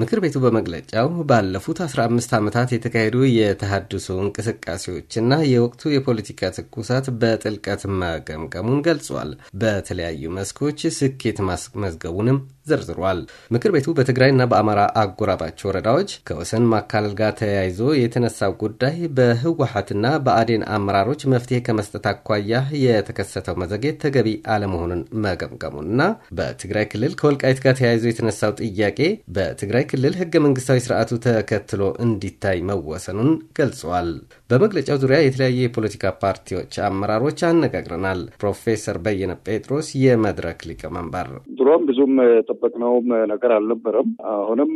ምክር ቤቱ በመግለጫው ባለፉት 15 ዓመታት የተካሄዱ የተሃድሶ እንቅስቃሴዎችና የወቅቱ የፖለቲካ ትኩሳት በጥልቀት መገምገሙን ገልጿል። በተለያዩ መስኮች ስኬት ማስመዝገቡንም ዘርዝሯል። ምክር ቤቱ በትግራይና በአማራ አጎራባች ወረዳዎች ከወሰን ማካለል ጋር ተያይዞ የተነሳው ጉዳይ በህወሀትና በአዴን አመራሮች መፍትሄ ከመስጠት አኳያ የተከሰተው መዘግየት ተገቢ አለመሆኑን መገምገሙንና በትግራይ ክልል ከወልቃይት ጋር ተያይዞ የተነሳው ጥያቄ በትግራይ ክልል ህገ መንግስታዊ ስርዓቱ ተከትሎ እንዲታይ መወሰኑን ገልጿል። በመግለጫው ዙሪያ የተለያዩ የፖለቲካ ፓርቲዎች አመራሮች አነጋግረናል። ፕሮፌሰር በየነ ጴጥሮስ የመድረክ ሊቀመንበር፣ ድሮም ብዙም የጠበቅነውም ነገር አልነበረም። አሁንም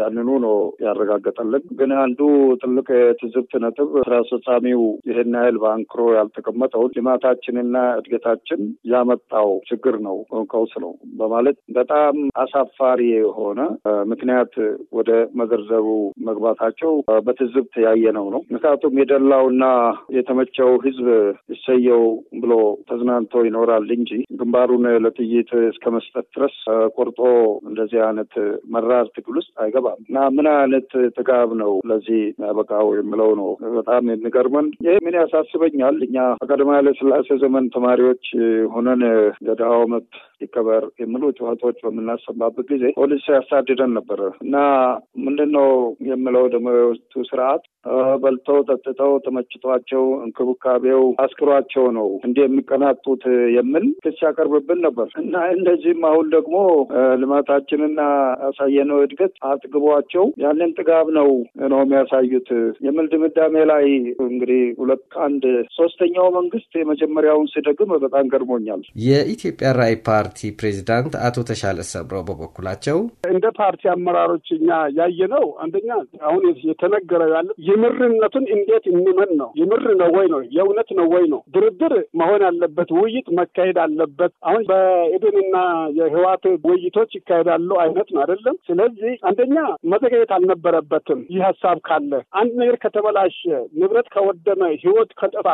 ያንኑ ነው ያረጋገጠልን። ግን አንዱ ትልቅ የትዝብት ነጥብ ስራ አስፈጻሚው ይህን ያህል በአንክሮ ያልተቀመጠውን ልማታችንና እድገታችን ያመጣው ችግር ነው፣ ቀውስ ነው በማለት በጣም አሳፋሪ የሆነ ምክንያት ወደ መዘርዘሩ መግባታቸው በትዝብት ያየነው ነው። ምክንያቱም የደላውና የተመቸው ህዝብ ይሰየው ብሎ ተዝናንቶ ይኖራል እንጂ ግንባሩን ለጥይት እስከ መስጠት ድረስ ቆርጦ እንደዚህ አይነት መራር ትግል ውስጥ አይገባም እና ምን አይነት ጥጋብ ነው ለዚህ ያበቃው የምለው ነው በጣም የሚገርመን። ይህ ምን ያሳስበኛል። እኛ በቀዳማዊ ኃይለ ሥላሴ ዘመን ተማሪዎች ሆነን የድሃው መብት ይከበር የሚሉ ጨዋታዎች በምናሰማበት ጊዜ ፖሊስ ያሳድደን ነበር እና ምንድን ነው የምለው ደግሞ የወቅቱ ስርዓት በልተው ጠጥ ተደስተው ተመችቷቸው እንክብካቤው አስክሯቸው ነው እንደ የሚቀናጡት የሚል ክስ ያቀርብብን ነበር እና እነዚህም አሁን ደግሞ ልማታችንና ያሳየነው እድገት አጥግቧቸው ያንን ጥጋብ ነው ነው የሚያሳዩት የሚል ድምዳሜ ላይ እንግዲህ ሁለት አንድ ሶስተኛው መንግስት የመጀመሪያውን ሲደግም በጣም ገርሞኛል። የኢትዮጵያ ራይ ፓርቲ ፕሬዚዳንት አቶ ተሻለ ሰብረው በበኩላቸው እንደ ፓርቲ አመራሮች እኛ ያየነው አንደኛ አሁን የተነገረው ያለ የምርነቱን እንዴት ሰዎች እንመን ነው። የምር ነው ወይ ነው የእውነት ነው ወይ ነው። ድርድር መሆን አለበት፣ ውይይት መካሄድ አለበት። አሁን በኢዴንና የህዋት ውይይቶች ይካሄዳሉ አይነት ነው አይደለም። ስለዚህ አንደኛ መዘገየት አልነበረበትም። ይህ ሀሳብ ካለ አንድ ነገር ከተበላሸ፣ ንብረት ከወደመ፣ ህይወት ከጠፋ፣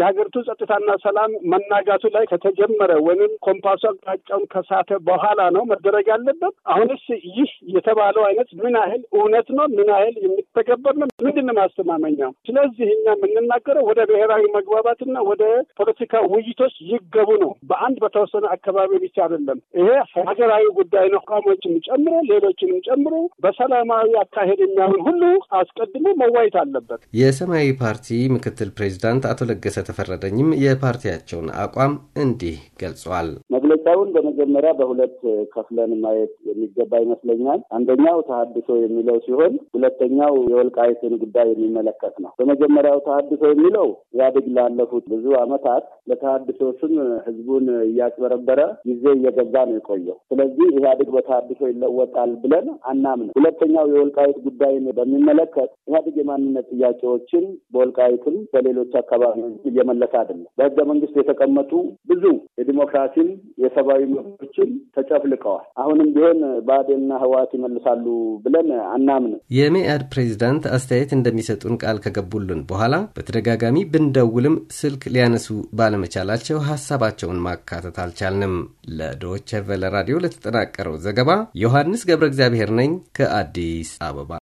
የሀገሪቱ ጸጥታና ሰላም መናጋቱ ላይ ከተጀመረ ወይም ኮምፓሱ አቅጣጫውን ከሳተ በኋላ ነው መደረግ ያለበት። አሁንስ ይህ የተባለው አይነት ምን ያህል እውነት ነው? ምን ያህል የሚተገበር ነው? ምንድን ማስተማመኛ ስለ ስለዚህ እኛ የምንናገረው ወደ ብሔራዊ መግባባትና ወደ ፖለቲካ ውይይቶች ይገቡ ነው። በአንድ በተወሰነ አካባቢ ብቻ አይደለም። ይሄ ሀገራዊ ጉዳይ ነው። ተቋሞችንም ጨምሮ ሌሎችንም ጨምሮ በሰላማዊ አካሄድ የሚያምን ሁሉ አስቀድሞ መዋየት አለበት። የሰማያዊ ፓርቲ ምክትል ፕሬዚዳንት አቶ ለገሰ ተፈረደኝም የፓርቲያቸውን አቋም እንዲህ ገልጿል። መግለጫውን በመጀመሪያ በሁለት ከፍለን ማየት የሚገባ ይመስለኛል። አንደኛው ተሀድሶ የሚለው ሲሆን ሁለተኛው የወልቃይትን ጉዳይ የሚመለከት ነው። የመጀመሪያው ተሀድሶ የሚለው ኢህአዴግ ላለፉት ብዙ አመታት ለተሀድሶ ስም ህዝቡን እያጭበረበረ ጊዜ እየገዛ ነው የቆየው። ስለዚህ ኢህአዴግ በተሀድሶ ይለወጣል ብለን አናምን። ሁለተኛው የወልቃይት ጉዳይን በሚመለከት ኢህአዴግ የማንነት ጥያቄዎችን በወልቃይትም በሌሎች አካባቢዎች እየመለሰ አይደለም። በህገ መንግስት የተቀመጡ ብዙ የዲሞክራሲን የሰብአዊ መብቶችን ተጨፍልቀዋል። አሁንም ቢሆን ብአዴንና ህወሓት ይመልሳሉ ብለን አናምን። የሜአድ ፕሬዚዳንት አስተያየት እንደሚሰጡን ቃል ከገቡ ከደወሉልን በኋላ በተደጋጋሚ ብንደውልም ስልክ ሊያነሱ ባለመቻላቸው ሀሳባቸውን ማካተት አልቻልንም። ለዶቸቨለ ራዲዮ ለተጠናቀረው ዘገባ ዮሐንስ ገብረ እግዚአብሔር ነኝ ከአዲስ አበባ።